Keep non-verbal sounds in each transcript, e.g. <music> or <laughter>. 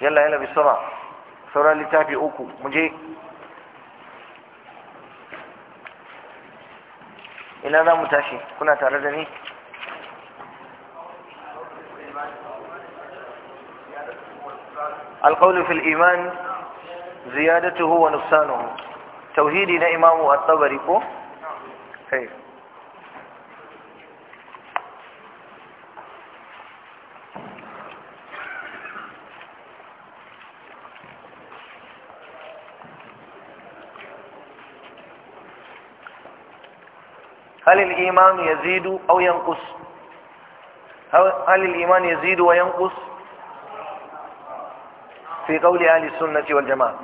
yalla yalla bisura sauran littafi uku mu je ina za mu tashi kuna tare da ni القول في الإيمان na ونقصانه توحيدنا إمام الطبري كو هل الإيمان يزيد أو ينقص هل الإيمان يزيد وينقص في قول أهل السنة والجماعة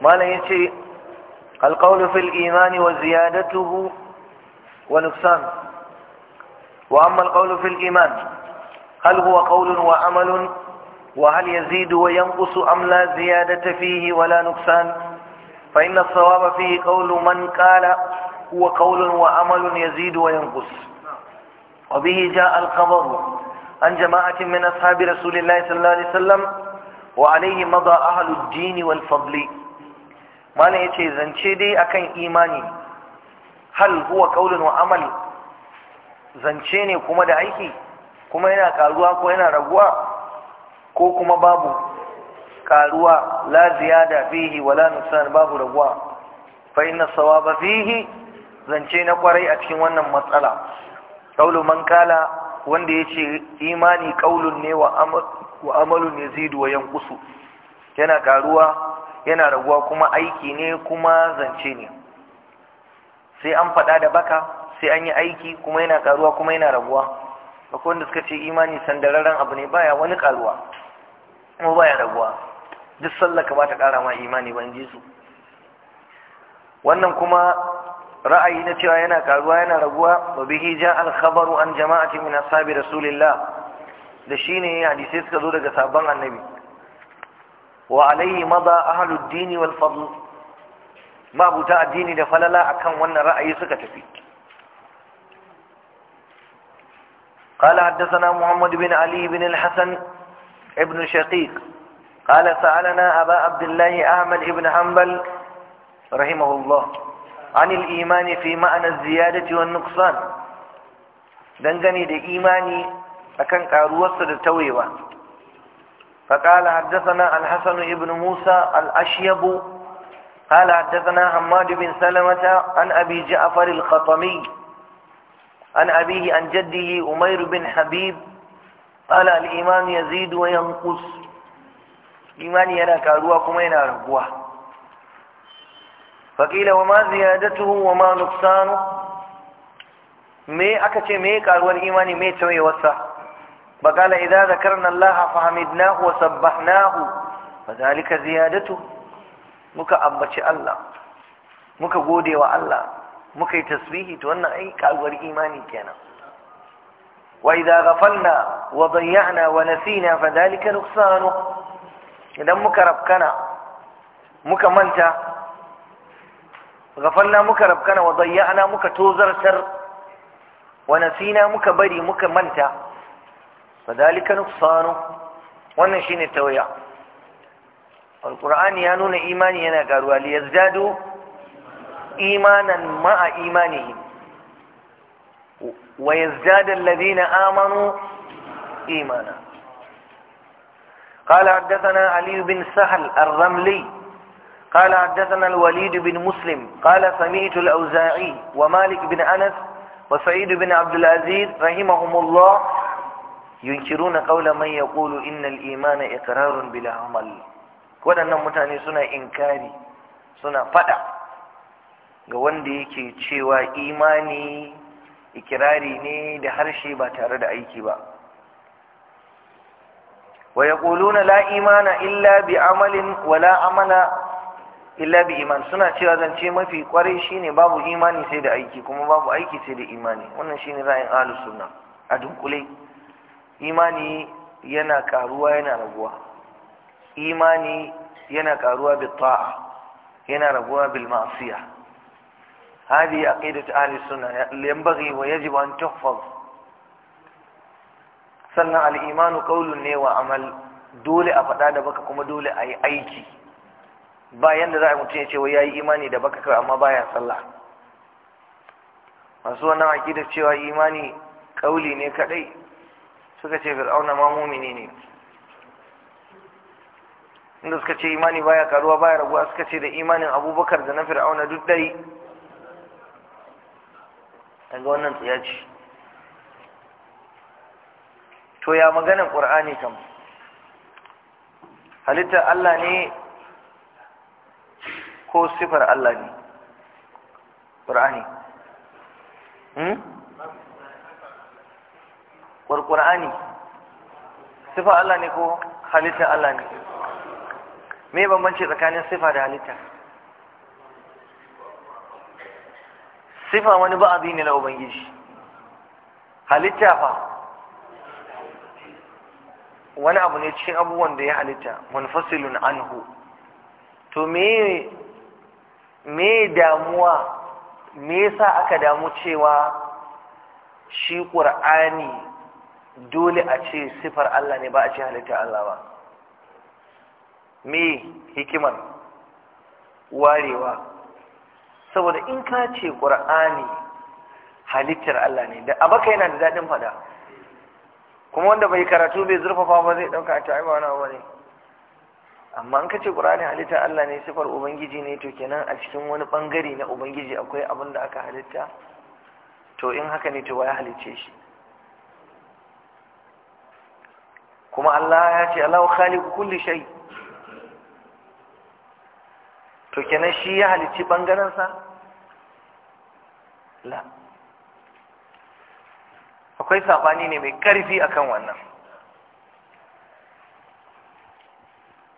ما لا يتي القول في الإيمان وزيادته ونقصان وأما القول في الإيمان هل هو قول وعمل وهل يزيد وينقص أم لا زيادة فيه ولا نقصان فإن الصواب فيه قول من قال هو قول وعمل يزيد وينقص وبه جاء الخبر عن جماعة من أصحاب رسول الله صلى الله عليه وسلم وعليه مضى أهل الدين والفضل ما نيتي زنشيدي أكن إيماني هل هو قول وعمل زنشيني كما دعيكي كما هنا كالوا كما هنا ربوا ko kuma babu karuwa la ziyada fihi wala nuqsan babu raguwa fa inna sawaba fihi zance na kwarai a cikin wannan matsala qaulu man kala wanda yace imani qaulun ne wa amal wa amalu yazidu wa yanqusu yana karuwa yana raguwa kuma aiki ne kuma zance ne sai an faɗa da baka sai an yi aiki kuma yana karuwa kuma yana raguwa akwai wanda suka ce imani sandararren abu ne baya wani karuwa kuma baya raguwa duk sallar ka ba ta ƙara ma imani ban ji su wannan kuma ra'ayi na cewa yana karuwa yana raguwa wa bihi ja al khabaru an jama'ati min ashabi rasulillah da shine hadisi suka zo daga sabon annabi wa alaihi madha ahlud din wal fadl addini da falala akan wannan ra'ayi suka tafi قال حدثنا محمد بن علي بن الحسن ابن شقيق قال سألنا أبا عبد الله أحمد بن حنبل رحمه الله عن الإيمان في معنى الزيادة والنقصان دنجني دي إيماني أكن كاروس التويوة فقال حدثنا الحسن بن موسى الأشيب قال حدثنا حماد بن سلمة عن أبي جعفر الخطمي عن أبيه عن جده أمير بن حبيب قال الإيمان يزيد وينقص imani yana karuwa kuma yana raguwa faƙila wa ma ziyadatuhu wa ma nuqsanu me aka ce me karuwar imani me tauyewarsa bakala idan zakarna Allah fa hamidnahu wa sabbahnahu fadhalika ziyadatu muka ambaci Allah muka gode wa Allah muka yi tasbihi to wannan ai karuwar imani kenan wa idza ghafalna wa dayya'na wa nasina fadhalika nuqsanu idan muka rafkana muka manta gafanna muka rafkana wa zayyana muka tozartar wa nasina muka bari muka manta fadalika nuqsanu wannan shine tawaya alqur'ani ya nuna imani yana garuwa li yazdadu imanan ma'a imanihim wa yazdadu alladhina amanu imana قال حدثنا علي بن سهل الرملي قال حدثنا الوليد بن مسلم قال سمعت الأوزاعي ومالك بن أنس وسعيد بن عبد العزيز رحمهم الله ينكرون قول من يقول إن الإيمان إقرار بلا عمل waɗannan mutane suna inkari suna faɗa ga wanda yake cewa imani ikirari ne da harshe ba tare da aiki ba Waya yaquluna la imana illa bi amalin wa la amala illa bi iman suna cewa zance mafi kwarai shine babu imani sai da aiki kuma babu aiki sai da imani wannan shine ra'ayin ahlus sunna a dunkule imani yana karuwa yana raguwa imani yana karuwa bi ta'a yana bil هذه عقيدة أهل السنة ينبغي ويجب أن تحفظ sannan al'imanu ƙaulun ne wa amal dole a faɗa da baka kuma dole a yi aiki bayan da za a mutum ya ce wai ya yi imani da baka kawai amma baya sallah masu wannan aƙidar cewa imani ƙauli ne kaɗai suka ce fir'auna ma mumini ne inda suka ce imani baya karuwa baya raguwa suka ce da imanin abubakar da na fir'auna duk ɗari ga wannan tsiya ce to ya maganin ƙur'ani kam halittar Allah ne ko sifar Allah ne ƙur'ani ƙur'ani hmm? sifar Allah ne ko halittar Allah ne me bambanci tsakanin sifa da halitta sifa wani ba'azi ne na ubangiji halitta fa wani abu ne cikin abubuwan da ya halitta munfasilun anhu to me damuwa me sa aka damu cewa shi ƙur'ani dole a ce sifar Allah ne ba a ce halitta Allah ba me hikimar warewa saboda in ka ce ƙur'ani halittar Allah ne da abaka yana da daɗin fada kuma wanda bai karatu bai zurfafa ba zai dauka ta aiwa wani abu ne amma an kace qur'ani halitta Allah ne sifar ubangiji ne to kenan a cikin wani bangare na ubangiji akwai abin da aka halitta to in haka ne to waye halice shi kuma Allah ya ce Allahu khaliqu kulli shay to kenan shi ya halici bangaren sa la akwai sabani ne mai karfi akan wannan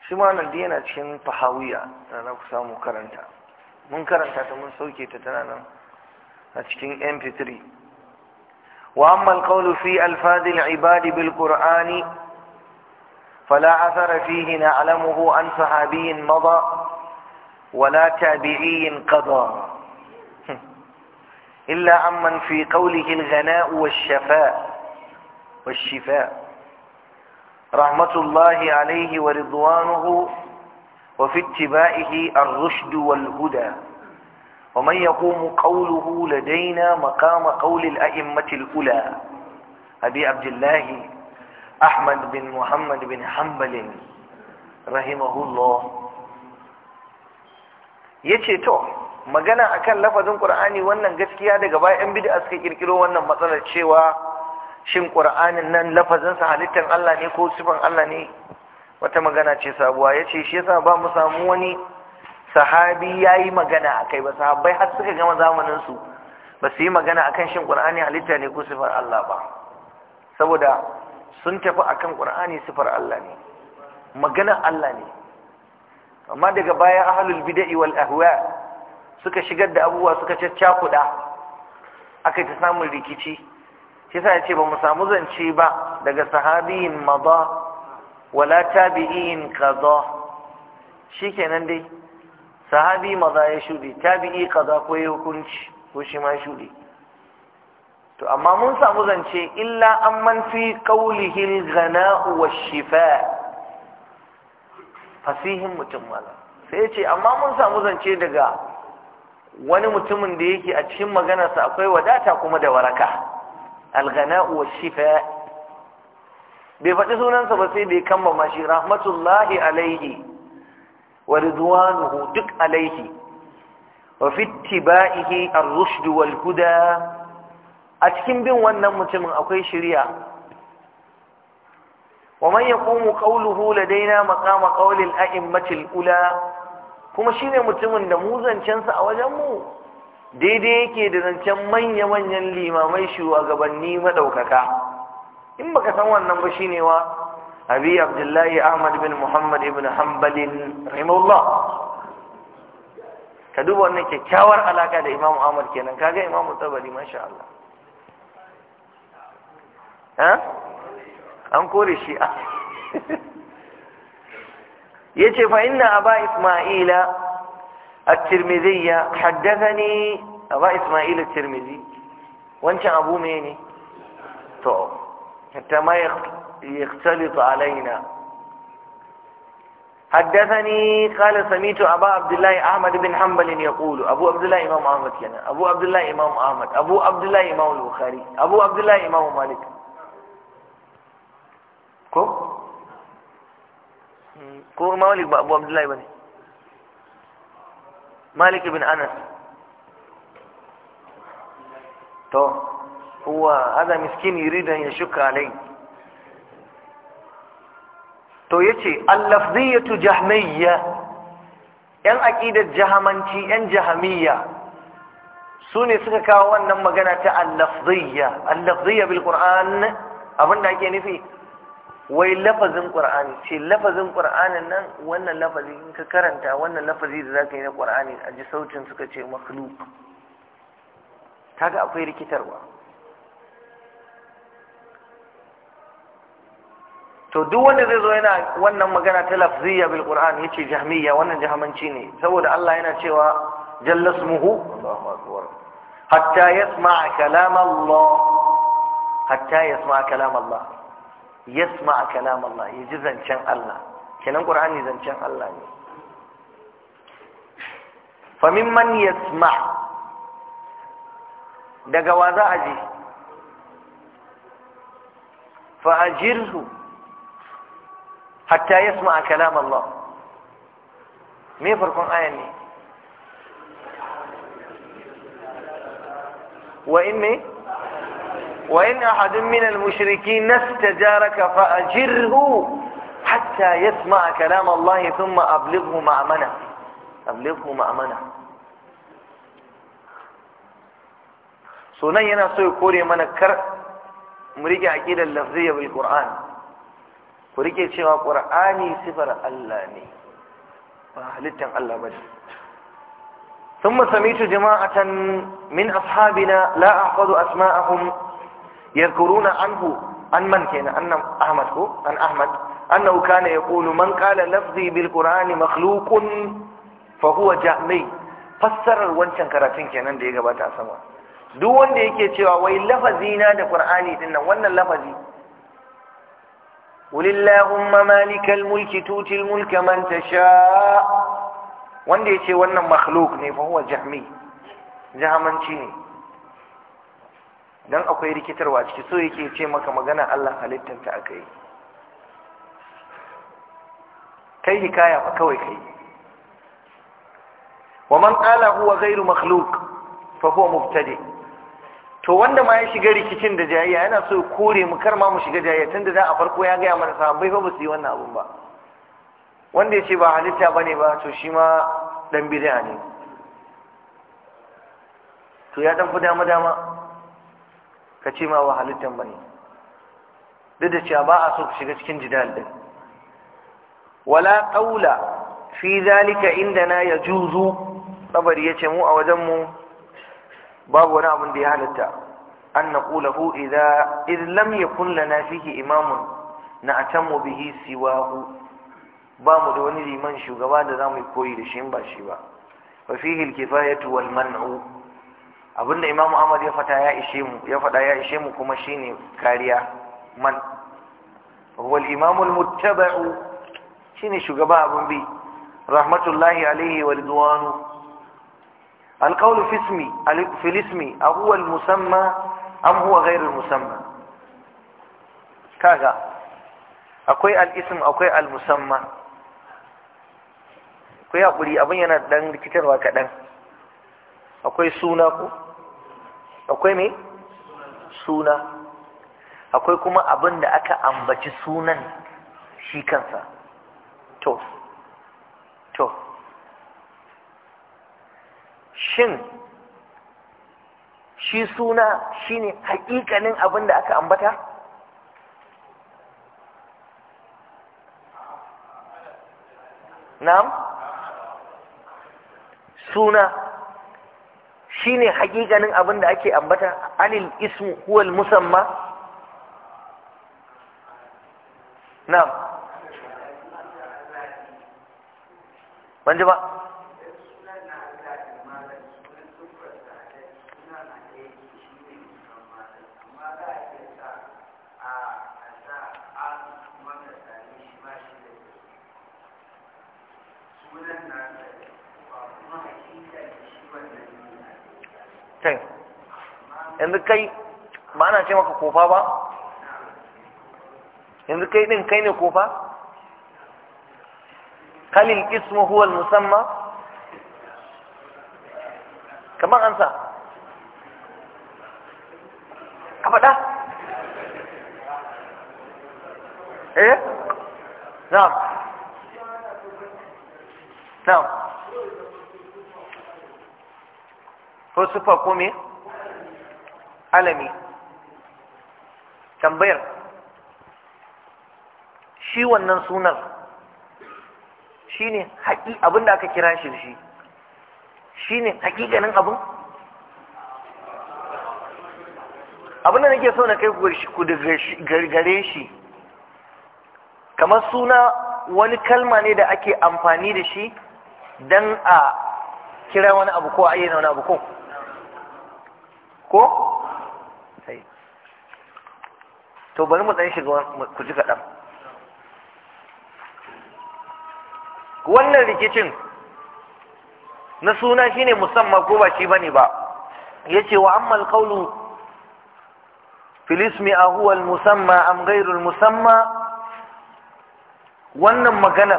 shi ma nan da yana cikin fahawiya da na ku samu karanta mun karanta ta mun sauke ta tana nan a cikin mp3 wa amma alqawlu fi alfazil ibadi bil qur'ani فلا أثر فيه نعلمه عن صحابي مضى ولا تابعي قضى إلا عمن في قوله الغناء والشفاء والشفاء رحمة الله عليه ورضوانه وفي اتباعه الرشد والهدى ومن يقوم قوله لدينا مقام قول الأئمة الأولى أبي عبد الله أحمد بن محمد بن حنبل رحمه الله يتي تو magana akan lafazin qur'ani wannan gaskiya daga baya yan bid'a suka kirkiro wannan matsalar cewa shin qur'anin nan lafazin sa halittar Allah ne ko sifan Allah ne wata magana ce sabuwa yace shi yasa ba mu samu wani sahabi yayi magana akai ba sahabbai har suka gama zamanin su ba su yi magana akan shin qur'ani halitta ne ko sifar Allah ba saboda sun tafi akan qur'ani sifar Allah ne magana Allah ne amma daga baya ahlul bid'a wal ahwa' suka shigar da abubuwa suka caccakuda aka ta samun rikici shi sa ce ba mu samu zance ba daga sahabiyin maza wala tabi'in kaza kenan dai sahabi maza ya shuɗe tabi'i kaza ko ya hukunci ko shi ma shuɗe to amma mun samu zance illa an man fi qawlihi al-ghana'u wash-shifa fasihin mutum mala sai ya ce amma mun samu zance daga wani mutumin da yake a cikin maganarsa akwai wadata kuma da waraka alghana'u washifa bai faɗi sunansa ba sai bai kammama shi rahmatullahi alaihi wa ridwanuhu duk alaihi wa fi ittiba'ihi ar-rushd wal huda a cikin bin wannan mutumin akwai shari'a wa man yaqumu qawluhu ladaina maqama qawli al-a'immati al-ula kuma shi ne mutumin da mu zancensa a wajenmu daidai yake da zancen manya-manyan limamai shugabanni maɗaukaka. in baka san wannan ba shi ne wa abi abdullahi ahmad bin muhammad ibn hanbalin rahimahullah ka duba wannan kyakkyawar alaka da imamu ahmad kenan kaga imamu tabari masha Allah an kore shi a يجي فإن أبا إسماعيل الترمذي حدثني أبا إسماعيل الترمذي وانت أبو ميني طب حتى ما يختلط علينا حدثني قال سميت أبا عبد الله أحمد بن حنبل يقول أبو عبد الله إمام أحمد أبو عبد الله إمام أحمد أبو عبد الله إمام البخاري أبو عبد الله إمام مالك ko malik ba abu abdullahi ba ne malik ibn anas to huwa haza miskin yurid ya shuka alai to yace al-lafziyatu jahmiyya yan aqidat jahamanci yan jahamiyya sune suka kawo wannan magana ta al-lafziyya al-lafziyya bil qur'an abinda ake nufi wai lafazin qur'ani ce lafazin qur'anin nan wannan lafazi in ka karanta wannan lafazi da zaka yi na qur'ani a ji sautin suka ce makhluq kaga akwai rikitarwa to duk wanda zai zo yana wannan magana ta lafziya bil qur'an yace jahmiya wannan jahamanci ne saboda Allah yana cewa jalla ismuhu Allahu akbar hatta yasma' kalam Allah hatta yasma' kalam Allah yasma kalam Allah ya ji zancen Allah kenan Qur'ani zancen Allah ne fa mimman yasma daga wa za a ji fa ajirhu hatta yasma kalam Allah me farkon ayan ne wa in me وإن أحد من المشركين استجارك فأجره حتى يسمع كلام الله ثم أبلغه مأمنه أبلغه مأمنه sunan yana so ya kore mana kar mu rike aqidar lafziyya bil qur'an ku rike cewa qur'ani sifar Allah ne ba halittan Allah bane ثم سمعت جماعة من أصحابنا لا أحفظ أسماءهم Anhu an man عن من Ahmad. ko an ahmad annahu kana yaqulu man qala lafzi bil qur'ani makhluqun fa huwa جهمي fassarar wancan karatun kenan da ya gabata a sama duk wanda yake cewa wai lafazi na da qur'ani din nan wannan lafazi ulillahumma malikal mulki tutil mulka man tasha wanda yace wannan makhluq ne fa huwa jahmi jahamanci ne dan akwai rikitarwa ciki so yake ce maka magana Allah halittanta aka yi kai hikaya fa kawai kai wa man qala huwa ghairu makhluq fa huwa mubtadi to wanda ma ya shiga rikicin da jayya yana so kore mu kar ma mu shiga jayya tunda za a farko ya ga mana bai fa ba su yi wannan abun ba wanda yace ba halitta bane ba to shi ma dan bid'a ne to ya dan fi dama dama ka ce ma ba halittan bane duk da cewa ba a so ku shiga cikin jidal din wala ƙaula. fi zalika indana yajuzu ya yace mu a wajen mu babu wani abin da ya halatta an naqulahu idza id lam yakun lana fihi imamun na bihi siwahu ba mu da wani liman shugaba da zamu koyi da shi in ba shi ba fa fihi al-kifayatu wal man'u abinda imamu ahmad ya fata ya ishe mu ya fada ya ishe mu kuma shine kariya man wal imamu al muttaba'u shine shugaba abun bi rahmatullahi alayhi wa ridwanu al qawlu fi ismi al fi ismi huwa al musamma am huwa ghayr al musamma kaga akwai al ism akwai al musamma ku hakuri abin yana ɗan rikitarwa kaɗan. akwai suna ku? akwai me suna akwai kuma abin da aka ambaci sunan shi kansa to to shin shi suna shine hakikanin abin da aka ambata na'am suna Shi ne hakikanin abin da ake ambata anil ismu huwal musamma na'am ban ba kai yanzu kai ba ana ce maka kofa ba yanzu kai din kai ne kofa kalil ismu huwa musamma kamar ansa ka faɗa eh na'am na'am ko sufa ko me alami tambayar shi wannan sunan ne haƙi abin da aka kira shi da shi shine haƙiƙanin abin abin da nake so na kai ku gare shi kamar suna wani kalma ne da ake amfani da shi don a kira wani abu ko a ayyana wani abu ko ko sai to bari mu dan shiga ku ji kaɗan wannan rikicin na suna shine musamman ko ba shi bane ba yace wa amma alqawlu filismi ismi a huwal almusamma am ghayru wannan magana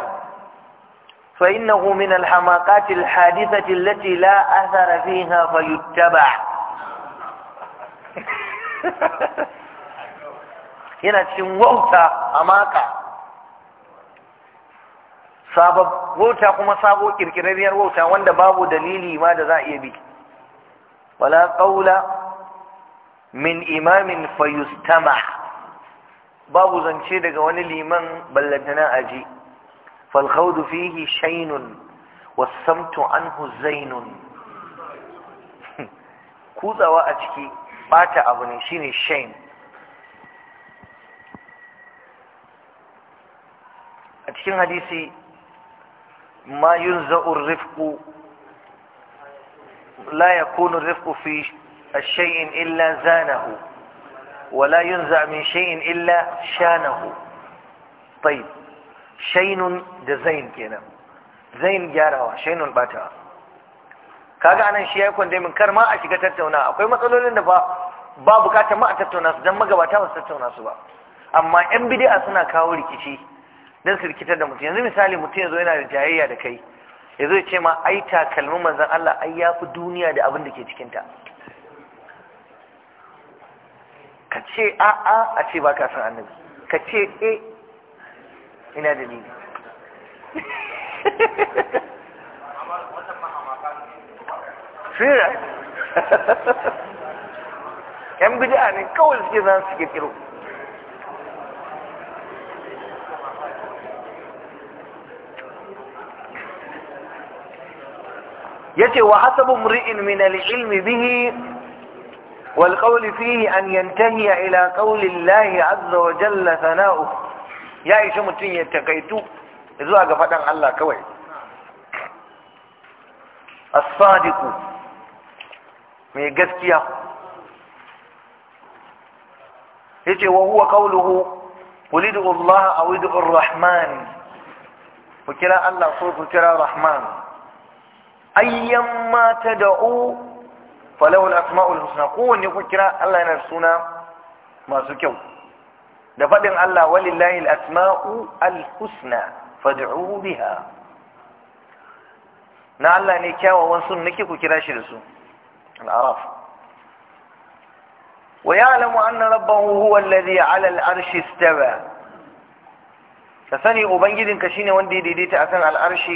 fa innahu min alhamaqati alhadithati lati la athara fiha fayuttaba' yana cikin wauta a maka wauta kuma sabo kirkirarriyar wauta wanda babu dalili ma da za a iya bi wala ƙaula min imamin fayustama babu zance daga wani liman ballantana aji falkhaudu fihi shainun wasamtu anhu zainun <laughs> kutsawa a ciki bata abu ne shine shame a cikin hadisi ma yunza'u rifqu la yakunu rifqu fi shay'in illa zanahu wa la yunza' min shay'in illa shanahu tayyib شين da zain kenan zain gyarawa شين bata kaga anan shi yayi min, kar ma a shiga tattauna akwai matsalolin da ba ba bukatar ma a tattauna su dan magabata ba su tattauna su ba amma yan bid'a suna kawo rikici dan su rikitar da mutum yanzu misali mutum yazo yana da jayayya da kai yazo ya ce ma ai takalmin manzon Allah ai yafi duniya da abin da ke cikin ta ka ce a a a ce baka san annabi ka ce e ina da ni. <laughs> <laughs> yan bid'a ne kawai suke zan suke kiro yace wa hasabu mri'in min al-ilmi bihi wal qawli fihi an yantahiya ila qawli Allah azza wa jalla sana'u ya ishi mutum ya takaitu zuwa ga fadan Allah kawai as mai gaskiya Ya ce wa huwa qawluhu qul ud'u Allah aw ud'u ar-rahman ku kira Allah ko ku kira Rahman ayyan ma tad'u falahu al-asma'ul husna kowanne ku kira Allah yana suna masu kyau da faɗin Allah walillahi al-asma'u al-husna fad'u biha na Allah ne kyawawan sun nake ku kira shi da su الأعراف ويعلم أن ربه هو الذي على العرش استوى فثني أبنجد كشين وندي دي ديديت على العرش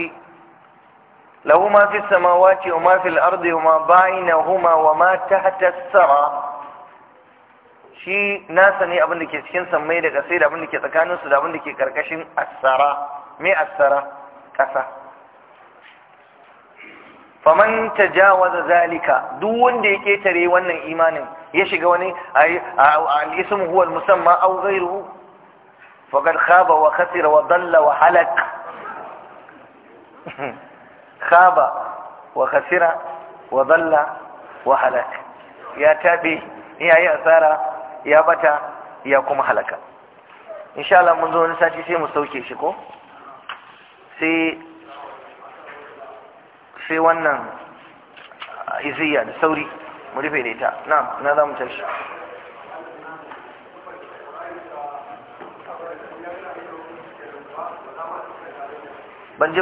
له ما في السماوات وما في الأرض وما بينهما وما تحت السرى شي ناسا ني أبن لكي سكين cikin غسير أبن لكي da أبن لكي كركشين السرى مي السرى da faman tajawaza zalika duk wanda ya ketare wannan imanin ya shiga wani al-ism huwa al-musamma aw ghayruhu faqad khaba wa khasira wa dalla wa halak <laughs> khaba wa khasira wa dalla wa halak ya tabi ya yi asara ya bata ya kuma halaka insha Allah mun zo wani sati sai mu sauke shi ko sai sai wannan iziya da sauri mu rufe da ita na na za mu tashi ban